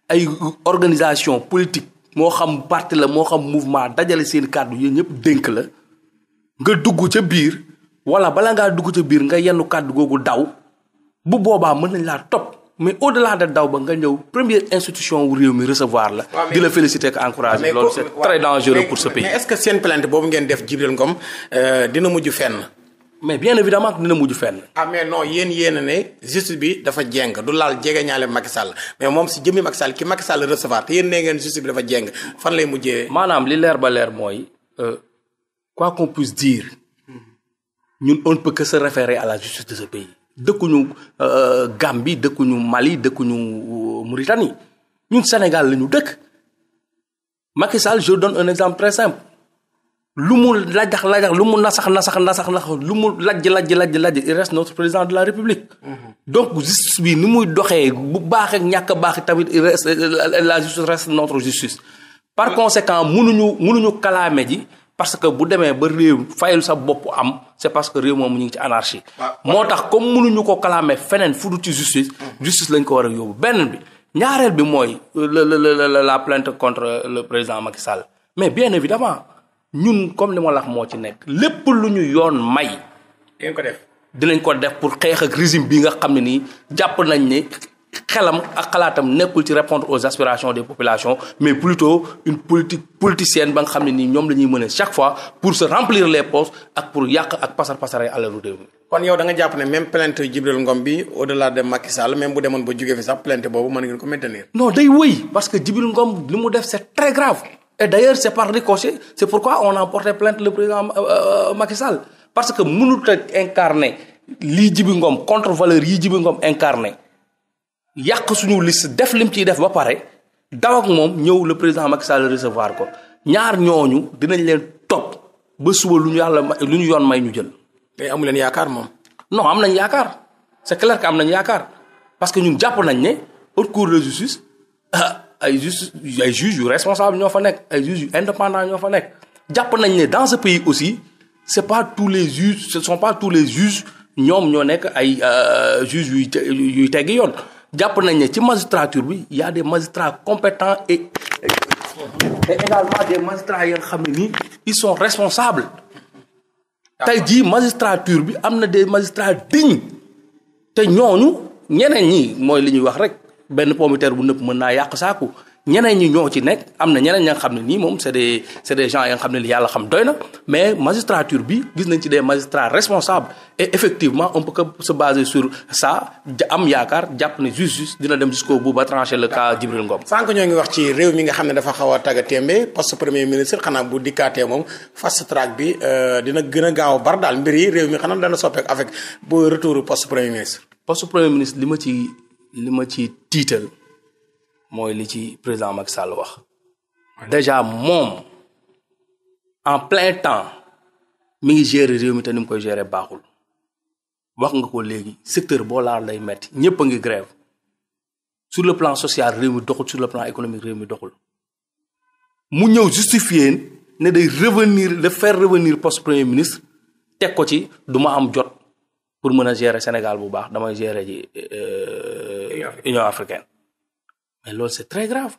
ay organisation politique moo xam partie la moo xam mouvement dajale seen kàddu yi ñëpp dénk la nga dugg ca biir wala bala ngaa dugg ca biir nga yenn kàddu googu daw bu boobaa mën nañ laa topp mais au delà de daw ba nga ñëw première institution wu réew mi recevoir la. di la féliciter ak encourager. loolu c'est très dangereux pour ce pays. mais est-ce que seen plainte boobu ngeen def Djibril Ngom euh, dina mujj fenn. mais bien évidemment dina mujj fenn. Ah, mais non yéen yéen ne justice bi dafa jeng du laal jege ñaale Macky Sall mais moom si jëmmi Macky Sall ki Macky Sall recevoir te yéen nee ngeen justice bi dafa jeng fan lay mujjee. maanaam li leer ba leer mooy euh, quoi qu'on puisse dire ñun on ne peut que se dëkkuñu euh, Gambie dëkkuñu Mali dëkkuñu euh, Mauritanie ñun Sénégal la ñu dëkk Macky Sall je donne un exemple très simple lu mu lajax lajax lu mu nasax nasax nasax nasax lu mu lajj lajj lajj lajj il reste notre président de la République. Mm-hmm. donc justice bi ni muy doxee bu baax ak ñàkk a baax tamit la justice reste notre justice. par conséquent munuñu mënuñu kalaame ji. parce que bu demee ba réew fayal sa bopp am c'est parce que réew moom ñu ngi ci anarchie moo tax comme mënuñu ko kalaamee feneen fu du ci justice justice lañ ko war a yóbbu benn bi ñaareel bi mooy la la la la plainte contre le président Macky Sall mais bien évidemment ñun comme li ma la wax moo ci nekk lépp lu ñu yoon may. dinañ ko def dinañ ko def pour xeex ak régime bi nga xam ne nii jàpp nañ ne xelam ak xalaatam nekkul ci répondre aux aspirations des populations mais plutôt une politique politicienne ba nga xam ne nii ñoom la ñuy mën a chaque fois pour se remplir les poches ak pour yàq ak pasar pasare alalu réew mi kon yow da nga jàpp ne même plainte Djibril Ngom bi au delà de Macky Sall bu demoon ba jógee fi sax plainte boobu mën ngeen ko maintenir. non day wëy parce que Djibril Ngom li mu def c' est très grave et d' ailleurs c' est par ricochet c' est euh, euh, parce que mënut a incarner lii Djibril Ngom contre valeur yi Djibril Ngom yàq suñu liste def lim ciy def ba pare daw ak moom ñëw le président Macky Sall recevoir ko ñaar ñooñu dinañ leen topp ba suba lu ñu yàlla lu ñu yoon may ñu jël. mais amu leen yaakaar moom. non am nañ yaakaar c'est clair que am nañ yaakaar parce que ñu jàpp nañ ne haute cour de justice ah, ay justice ay juges yu responsable ñoo fa nekk ay juges ñoo fa nekk jàpp nañ ne dans ce pays aussi c'est pas tous les juges ce sont pas tous les juges ñoom ñoo nekk ay euh, juges yuy yuy teggi yoon. jàpp nañ ne ci magistrature bi y a des magistrats compétents et et également des magistrats yoo xam ne nii ils sont responsables tey jii magistrature bi am na des magistrats dignes te ñooñu ñeneen ñi mooy li ñuy wax rek benn pomme bu nëpp mën naa yàq saaku ñeneen ñi ñoo ci nekk am na ñeneen ña xam ne nii moom c'est des c'est des gens ya nga xam ne li yàlla xam doy na mais magistrature bi gis nañ ci des magistrats responsables effectivement on peut que se baser sur ça am yaakaar jàpp ne justice dina dem jusqu'au bout ba trancher le cas Djibril Ngom. sànq ñoo ngi wax ci réew mi nga xam ne dafa xaw a tagga témbe poste premier ministre xanaa bu dikkaatee moom fast track bi euh, dina gën a gaaw bar daal mbir yi réew mi xanaa dana soppeeku avec bu retour poste premier ministre. poste premier ministre li ma ci li ma ci tiital. mooy li ci président Macky Sall wax déjà moom en plein temps mi ngi gérer réew mi te ni koy gérer baaxul wax nga ko léegi secteur boo laal lay metti ñëpp a ngi grève sur le plan social réew mi doxul sur le plan économique réew mi doxul mu ñëw justifier ne day revenir le faire revenir post premier ministre teg ko ci duma am jot pour mën a gérer Sénégal bu baax damay gérer ji euh, Union africain mais loolu c'est très grave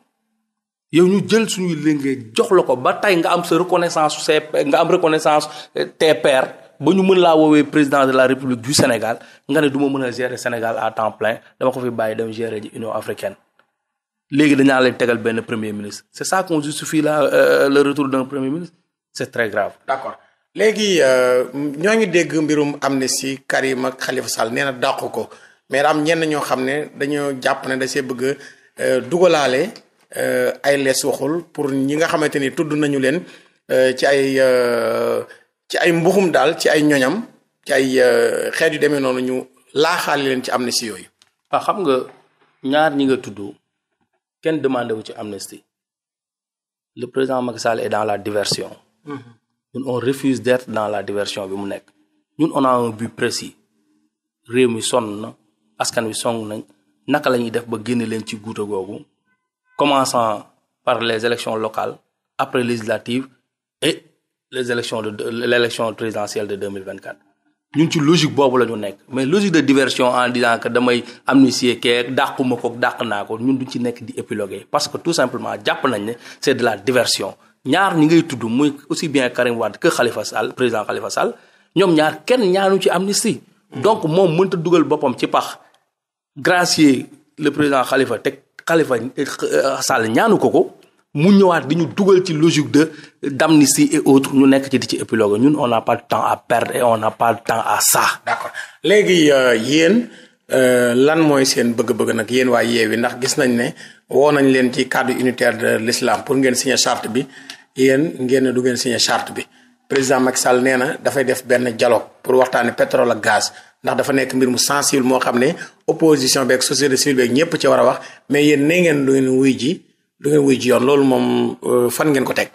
yow ñu jël suñuy léegi jox la ko ba tey nga am sa reconnaissance ses nga am reconnaissance eh, tes pairs ba ñu mën laa woowee président de la république du Sénégal nga ne duma ma mën a gérer Sénégal à temps plein dama ko fi bàyyi dem gérer ji Union africaine léegi dañaa leen tegal benn premier ministre c'est ça qu'on justifie la euh, euh, le retour d'un premier ministre c'est très grave. d'accord léegi euh, ñoo ngi dégg mbirum amnistie Karim ak Khalifa Sall nee na dàqu ko mais am ñenn ñoo xam ne dañoo jàpp ne da see bëgg Euh, dugalaale euh, ay lees waxul pour ñi nga xamante ni tudd nañu leen euh, ci ay ci ay mbuxum daal ci ay ñoñam ci ay xeet yu demee noonu ñu laaxaale leen ci amnistie yooyu. ah xam nga ñaar ñi nga tudd kenn demandé wu ci amnistie le président Macky Sall est dans la diversion. Mm-hmm. ñun on refuse d'être dans la diversion bi mu nekk. ñun on a un but précis réew mi sonn na askan wi song nañ naka la ñuy def ba génne leen ci guuta googu commençant par les élections locales après législatives et les élections de l'élection présidentielle de 2024 ñun ci logique boobu la ñu nekk mais logique de diversion en disant que damay amnistier keek dàquma ko dàq naa ko ñun duñ ci nekk di épiloguer parce que tout simplement jàpp nañ ne c' est de la diversion ñaar ñi ngay tudd muy aussi bien Karim Wade que Khalifa Sall président Khalifa Sall ñoom ñaar kenn ñaanu ci amnistie donc moom mënta dugal boppam ci pax gracier le président Khalifa teg Khalifa euh, Sall ñaanu ko ko mu ñëwaat bi ñu dugal ci logique de d'amnistie et autres ñu nekk ci di ci épilogue ñun on n'a pas de temps à perdre et on n'a pas de temps à ça. d'accord léegi euh, yéen euh, lan mooy seen bëgg-bëgg nag yéen waa Yewwi ndax gis nañ ne woo nañ leen ci cadre unitaire de l'islam pour ngeen signer charte bi yéen ngeen du ngeen signer charte bi président Macky Sall nee na dafay def benn jaloo pour waxtaanee pétrole ak gaz ndax dafa nekk mbir mu sensible moo xam ne opposition beeg société civile beeg ñëpp ci war a wax mais yéen nee ngeen ngeen wuy ji lu ngeen wuy ji yoon loolu moom euh, fan ngeen ko teg.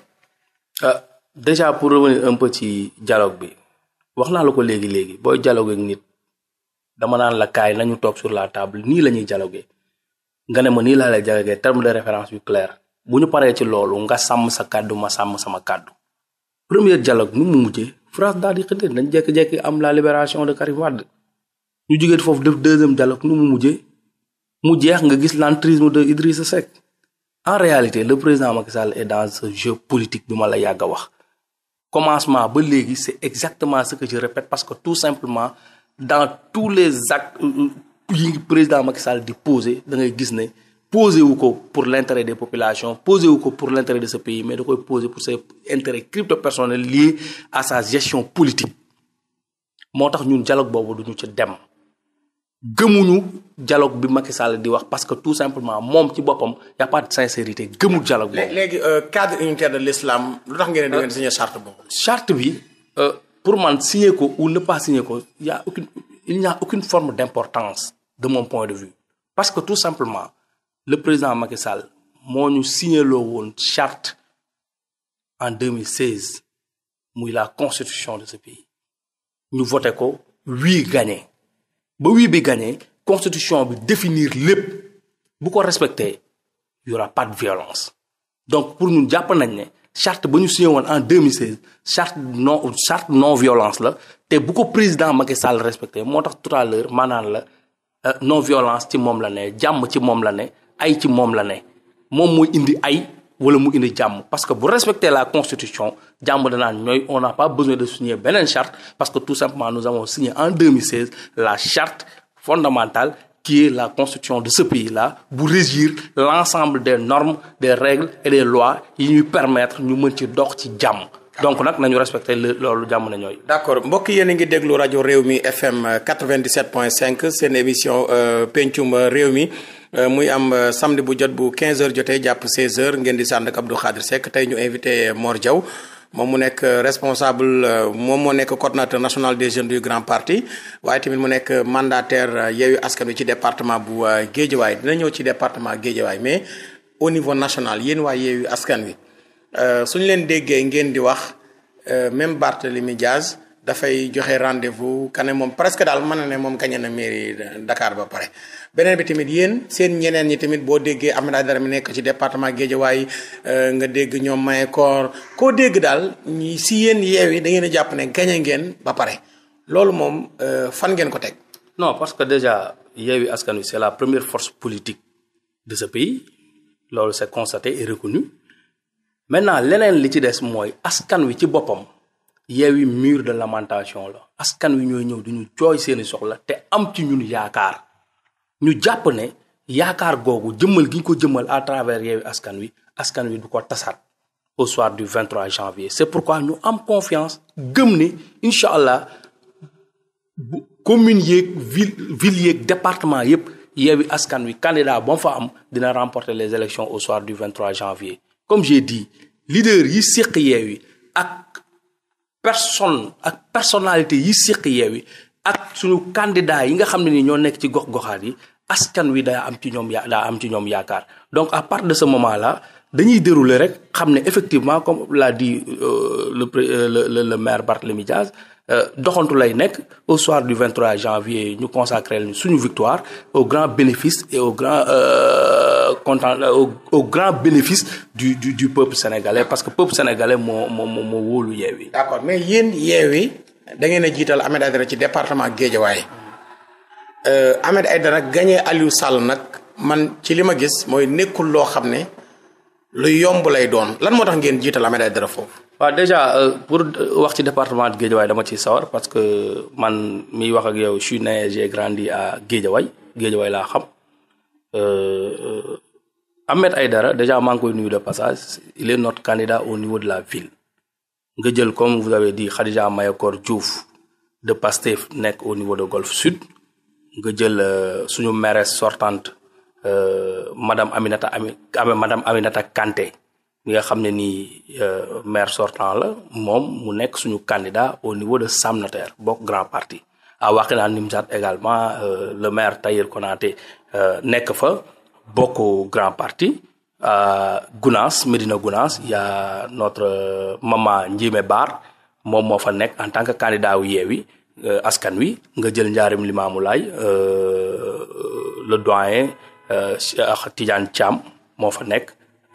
ah déjà pour revenir ci dialogue bi wax naa la ko léegi léegi booy dialogue ak dama naan la kaay toog sur la table nii la ñuy dialogue nga ne ma nii laa lay dialogue terme de référence yu clair bu ñu paree ci loolu nga sàmm sa kàddu ma sàmm sama kàddu. premier dialogue nu mu mujjee France daal di xënte nañ jékki-jékki am la libération de Karim ñu jógee foofu def deuxième dialogue nu mu mujjee mu jeex nga gis l'entrisme de Idrissa sec en réalité le président Macky Sall est dans ce jeu politique bi ma la yàgg wax commencement ba léegi c'est exactement ce que je répète parce que tout simplement dans tous les actes euh, euh, yi président Macky Sall di poser da ngay gis ne posé wu ko pour l'intérêt des population posé wu ko pour l'intérêt de ce pays mais da koy posé pour ses intérêts crypto personnels liés à sa gestion politique moo tax ñun dialogue boobu duñu ci dem gëmuñu dialogue bi Macky Sall di wax parce que tout simplement moom ci boppam y' a pas de sincérité gëmul dialogue boobu. léegi euh, cadre unitaire de l' islam lu tax ngeen di ngeen signé euh, bi euh, pour man signer ko ou ne pas signer ko y' a il n'y a forme d' importance de mon point de vue parce que tout simplement le président Macky Sall moo ñu signeloo woon charte en 2016 muy la constitution de ce pays ñu voté ko huit gagnés. ba wii bi gagné constitution bi définir lépp bu ko respecté y aura pas de violence donc pour ñun jàpp nañ ne charte ba ñu signé woon en 2016 charte non charte non violence la te bu ko président Macky Sall respecté moo tax tout à l'heure maanaan la euh, non violence ci moom la ne jàmm ci moom la ne ay ci moom la ne moom mooy indi ay wala mu indi jàmm parce que bu respecter la constitution jàmm danaan ñooy on n'a pas besoin de signer beneen charte parce que tout simplement nous avons signé en 2016 la charte fondamentale qui est la constitution de ce pays-là bu régir l'ensemble des normes des règles et des lois yi ñuy permettre ñu mën ci dox ci jàmm donc nag nañu respecté loolu jàmm na ñooy. d'accord mbokk yéen a ngi déglu rajo réew mi FM 97.5 seen émission euh, pencum réew mi. Euh, muy am euh, samedi bu jot bu 15h jotee jàpp 16h ngeen di sand ak Abdou Khadre Seck tey ñu invité euh, moor Diaw moom mu nekk responsable moom moo nekk coordonnateur national des jeunes du Grand Parti waaye tamit mu nekk mandataire Yewwi Askan Wi ci département bu Guédiawaye dina ñëw ci département Guédiawaye mais au niveau national yéen waa Yewwi Askan Wi suñu leen déggee ngeen di wax même Barthélémy Diaz. dafay joxe rendez-vous kane moom presque daal mën na ne moom gañe na mairie Dakar ba pare beneen bi tamit yéen seen ñeneen ñi tamit boo déggee Ahmed Aïdara mi nekk ci département Guédiawaye euh, nga dégg ñoom Mayakor koo dégg daal ñi si yéen yeewi da ngeen a jàpp ne gañe ngeen ba pare loolu moom euh, fan ngeen ko teg. non parce que déjà yeewi askan wi c'est la première force politique de ce pays loolu c'est constaté et reconnu maintenant leneen li ci des mooy askan wi ci boppam. yeewi mur de lamentation la askan wi ñooy ñëw duñu jooy seeni soxla te am ci ñun yaakaar ñu jàpp ne yaakaar googu jëmmal gi ñu ko jëmmal à travers yeewi askan wi askan wi du ko tasaat au soir du 23 janvier c'est pourquoi ñu am confiance gëm ni incha allah bu commune yeeg ville ville yeeg yëpp yépp yeewi askan wi candidat ba mu fa am dina remporter les élections au soir du 23 janvier comme j'ai dit leader yi séq yeewi ak personne ak personnalité yi séq Yewwi ak suñu candidat yi nga xam ne ni ñoo nekk ci gox-goxaat yi askan wi daa am ci ñoom ya am ci ñoom yaakaar donc à partir de ce moment là dañuy dérouler rek xam ne effectivement comme l'a dit euh, euh, le le le maire Barthélémy Diaz Euh, doxantu lay nekk au soir du 23 janvier ñu consacré suñu victoire au grand bénéfice et au grand euh, euh, bénéfice du du peuple sénégalais parce que peuple sénégalais moo moo moo wóolu Yewwi. d'accord mais yéen Yewwi da ngeen a jiital Ahmed Aïdara ci département Guédiawaye Ahmed Aïdara gagné Aliou Sall nag man ci li ma gis mooy nekkul loo xam ne. lu yomb lay doon lan moo tax ngeen jiital Ahmed dara foofu. waaw déjà euh, pour euh, wax ci département de Guédiawaye dama ci sawar parce que man miy wax ak yow je suis né j'ai grandi à Guédiawaye Guédiawaye laa xam euh, ay dara déjà maa ngi koy nuyu de passage il est notre candidat au niveau de la ville nga jël comme vous avez dit Khadija Mayakor Diouf de Pastef nekk au niveau de Golfe Sud nga jël suñu mairesse sortante Euh, madame Aminata Ami madame Aminata Kanté mi nga xam ne nii euh, maire sortant la moom mu nekk suñu candidat au niveau de Sam Notaire bokk grand parti à Wakhinane Nimzatt également euh, le maire Tahir Konaté nekk fa bokk grand parti à Gounass Médina Gounass y notre maman Ndiémé Bar moom moo fa nekk en tant que candidat wu askan wi nga jël njaarim Limaamu Laay le doyen Euh, Cheikh Tidiane Thiam moo fa nekk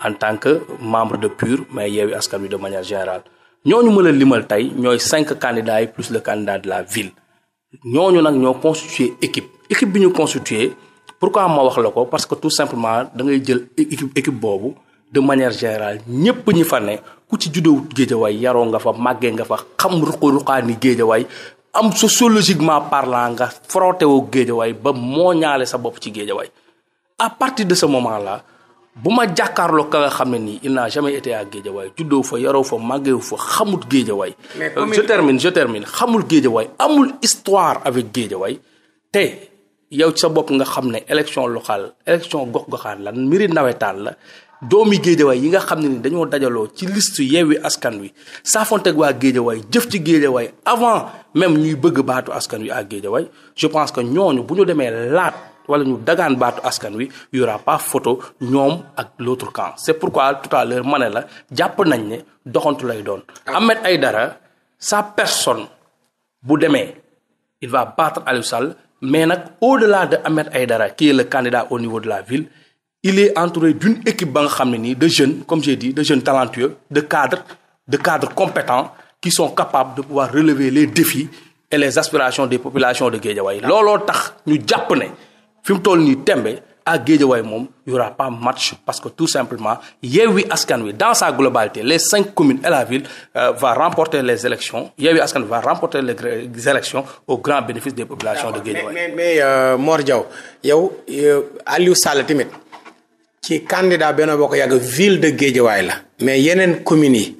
en tant que membre de PUR mais Yewwi Askan Wi de manière générale ñooñu mën a limal tey ñooy cinq candidats yi plus le candidat de la ville ñooñu nag ñoo constituer équipe équipe bi ñu constituer pourquoi ma wax la ko parce que tout simplement dangay jël équipe équipe boobu de manière générale ñépp ñi fa ne ku ci juddoo géejawaay yaroo nga fa màggee nga fa xam ruqu ruqaani géejawaay am sociologiquement parlant nga frotté woo géejawaay ba moo ñaale sa bopp ci géejawaay à partir de sa moment la bu ma jàkkaarloo ka nga xam ne nii il n'a jamais été à géejawaay juddoo fa yaroo fa màggewu fa xamul géejawaay euh, je termine je termine xamul géejawaay amul histoire avec géejawaay te yow ci sa bopp nga xam ne élection locale élection gox-goxaan la mbiri nawetaan la doomi géejawaay yi nga xam ne ni dañoo dajaloo ci liste Yewwi Askan Wi saafonteg waa géejawaay jëf ci géejawaay avant même ñuy bëgg baatu askan wi ak géejawaay je pense que ñooñu bu ñu demee laat wala ñu dagaan baatu askan wi y aura pas photo ñoom ak l'autre camp c'est pourquoi tout à l'heure ma la jàpp nañ ne doxantu lay doon ay ah. dara sa personne bu demee il va battre Aliou Sall mais nag au-delà de Ahmed Aïdara dara est le candidat au niveau de la ville il est entouré d'une équipe ba nga xam ne nii de jeunes comme j'ai dit de jeunes talentueux de cadres de cadres compétents qui sont capables de pouvoir relever les défis et les aspirations des populations de Guédiawaye ah. looloo tax ñu jàpp ne fi mu toll nii tembe à Guédiawaye moom y aura pas match parce que tout simplement Yewwi Askan Wi dans sa globalité les cinq communes et la ville euh, va remporter les élections Yewwi Askan Wi va remporter les élections au grand bénéfice des de Guédiawaye euh, Mor Diaw yow euh, Aliou Sall tamit ci candidat Benno Bokk Yaakaar ville de Guédiawaye la mais yeneen commune yi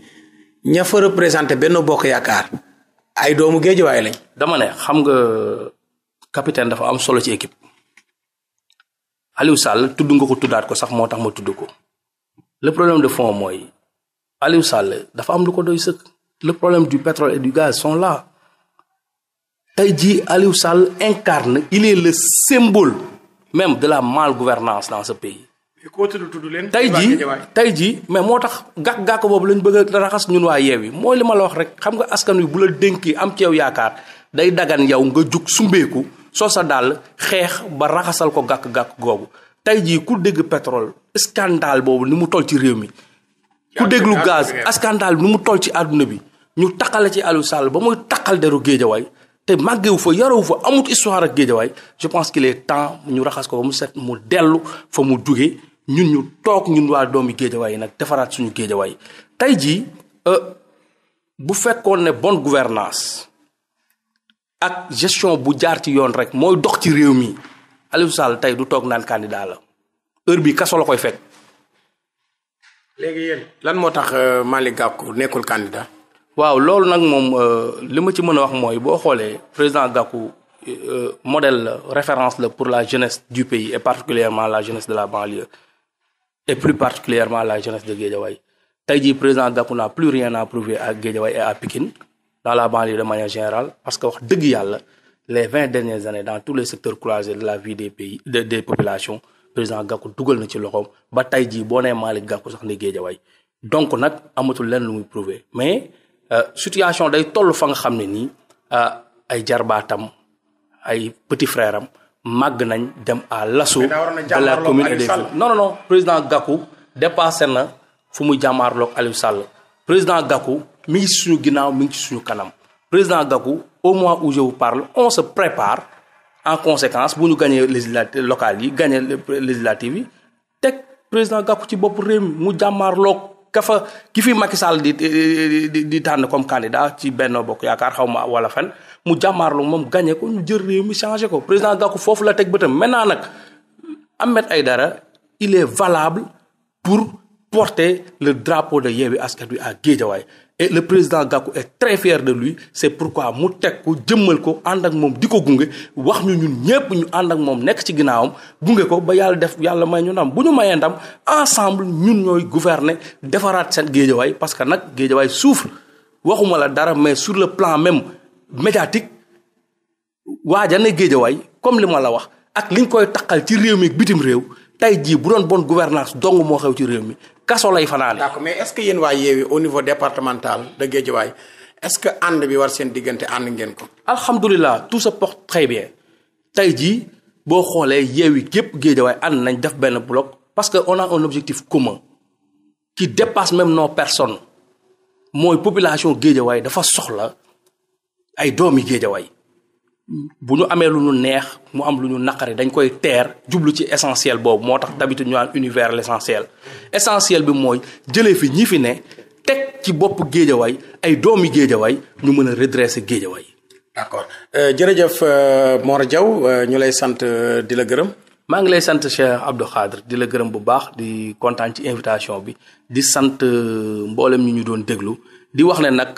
ña fa représenté benn Bokk Yaakaar ay doomu Guédiawaye lañ dama ne xam nga capitaine dafa am solo ci équipe Aliou Sall tudd nga ko tuddaat ko sax moo tax ma tudd ko le problème de fond mooy Aliou Sall dafa am lu ko doy sëkk le problème du pétrole et du gaz sont là tey jii Aliou Sall incarne il est le symbole même de la mal malgouvernance dans ce pays. tey jii tey jii mais moo tax gàkk gàkk boobu lañ bëgg a raxas ñun waa yeew yi mooy li ma la wax rek xam nga askan wi bu la dénki am ci yaakaar day dagan yow nga jug sumbeeku sol sa dàll xeex ba raxasal ko gàkk-gàkk googu tey jii ku dégg pétrole scandale boobu ni mu toll ci réew mi ku déglu gaz scandale bi ni mu toll ci àdduna bi ñu taqale ci Aliou Sall ba muy taqal deru géejawaay te màggewu fa yarewu fa amut histoire ak géejawaay je pense qu'il est temps ñu raxas ko ba mu set mu dellu fa mu jóge ñun ñu toog ñun waa doomi géejawaay yi nag defaraat suñu géejawaay tey jii euh, bu fekkoon ne bonne gouvernance ak gestion bu jaar ci yoon rek mooy dox ci réew mi Aliou Sall tey du toog naan candidat la heure bi kaso la koy fekk. léegi lan moo tax euh, Malick Gakou nekkul candidat. waaw loolu nag moom euh, li ma ci mën a wax mooy boo xoolee président Gakou euh, modèle la référence la pour la jeunesse du pays et particulièrement la jeunesse de la banlieue et plus particulièrement la jeunesse de Guédiawaye tey jii président Gakou n'a plus rien à prouver à Guédiawaye et à Pikine dans la banlieue de manière générale parce que wax dëgg yàlla les vingt dernières années dans tous les secteurs croisés de la vie des pays de, des populations président Gakou dugal na ci loxoom ba tey jii boo nee Malick Gakou sax ni Guédiawaye donc nag amatul lenn lu muy prouver mais euh, situation day toll fa nga xam ne nii euh, ay jarbaatam ay petit frère am màgg nañ dem à l'assaut de la commune et des villes non non président Gakou dépassé na fu muy jàmmaarloog Aliou Sall président mi ngi suñu ginnaaw mi ngi ci suñu kanam président Gakou au mois où je vous parle on se prépare en conséquence bu ñu gagné législatives locales yi gagné législatives yi teg président Gakou ci bopp réew mi mu jàmmaarloog ka fa ki fi Macky Sall di di tànn comme candidat ci benn Bokk Yaakaar xaw ma wala fan mu jàmmaarloog moom gagné ko ñu jël réew mi changé ko président Gakou foofu la teg bëtam maintenant nag Ahmed Aïdara il est valable pour porter le drapeau de Yewwi Askan Wi à Guédiawaye et le président Gakou et très fier de lui c'est pourquoi mu teg ko jëmmal ko ànd ak moom di ko gunge wax ñu ñun ñépp ñu ànd ak moom nekk ci ginnaawam gunge ko ba yàlla def yàlla may ñu ndam bu ñu mayee ndam ensemble ñun ñooy gouverner defaraat seen géejawaay parce que nag géejawaay souffre waxuma la dara mais sur le plan même médiatique waaja ne géejawaay comme li ma la wax ak liñ koy taqal ci réew mi bitim réew tey jii bu doon bon gouvernance dong moo xew ci réew mi kaso lay fanaane. d'accord mais est-ce que yéen waa Yewwi au niveau départemental est-ce que ànd bi war seen diggante ànd ngeen ko. alhamdulilah tout se porte très bien tey jii boo xoolee Yewwi gépp Guédiawaye ànd nañ def benn bloc parce que on a un objectif commun qui dépasse même nos personne mooy population Guédiawaye dafa soxla ay doomi Guédiawaye bu ñu amee lu ñu neex mu am lu ñu naqari dañ koy teer jublu ci essentiel boobu moo tax d'habitude ñu naan univers l'essentiel essentiel bi mooy jëlee fi ñi fi ne teg ci bopp géejawaay ay doomi géejawaay ñu mën a redresser géejawaay. d'accord euh, jërëjëf euh, Mor Diaw euh, ñu lay sant di la gërëm. maa ngi lay sant Cheikh Abdou Khadre di la gërëm bu baax di kontaan ci invitation bi di sant mboolem ñu ñu doon déglu di wax ne nag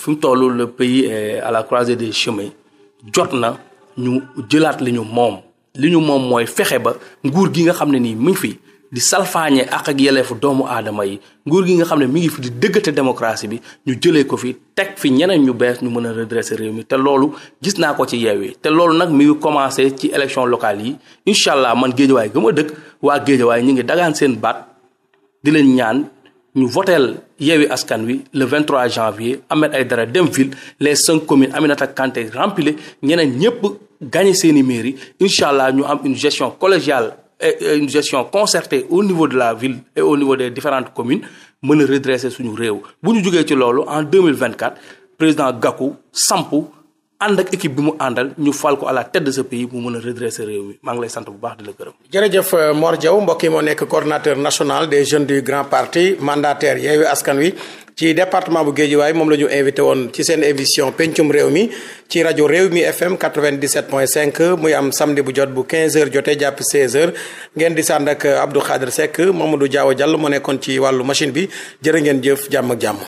fi mu toll le pays est à la croisée des chemins. jot na ñu jëlaat li ñu moom li ñu moom mooy fexe ba nguur gi nga xam ne nii mu ngi fi di salfaañe ak ak yeleefu doomu aadama yi nguur gi nga xam ne mi ngi fi di dëggate démocratie bi ñu jëlee ko fi teg fi ñeneen ñu bees ñu mën a redresser réew mi te loolu gis naa ko ci yeew yi te loolu nag mu ngi commencé ci élection locale yi incha allah man géejawaay gëm a dëkk waa géejawaay ñu ngi dagaan seen baat di leen ñaan ñu voteel Yewwi Askan Wi le 23 janvier ay dara dem ville les cinq communes Aminata Kanté rempilé ñeneen ñëpp gagné seeni mairie incha allah ñu am une gestion collégiale et une gestion concertée au niveau de la ville et au niveau des différentes communes mën a redresser suñu réew bu ñu jógee ci loolu en 2024 président Gakou sampu ànd ak équipe bi mu àndal ñu fal ko à la tête de mën a redresser réew mi maa ngi sant bu baax di la gërëm. jërëjëf euh, Mor Diaw mbokk yi moo nekk coordonnateur national de jeune du grand parti mandataire Yewwi Askan Wi ci département bu Guédiawaye moom lañu ñu invité woon ci seen émission pencum réew mi ci rajo réew mi FM 97.5 muy am samedi bu jot bu 15h jotee jàpp 16h ngeen di sànd ak Abdou Khadre Seck du Diaw jàll moo nekkoon ci wàllu machine bi jërë ngeen jëf jàmm jàmm.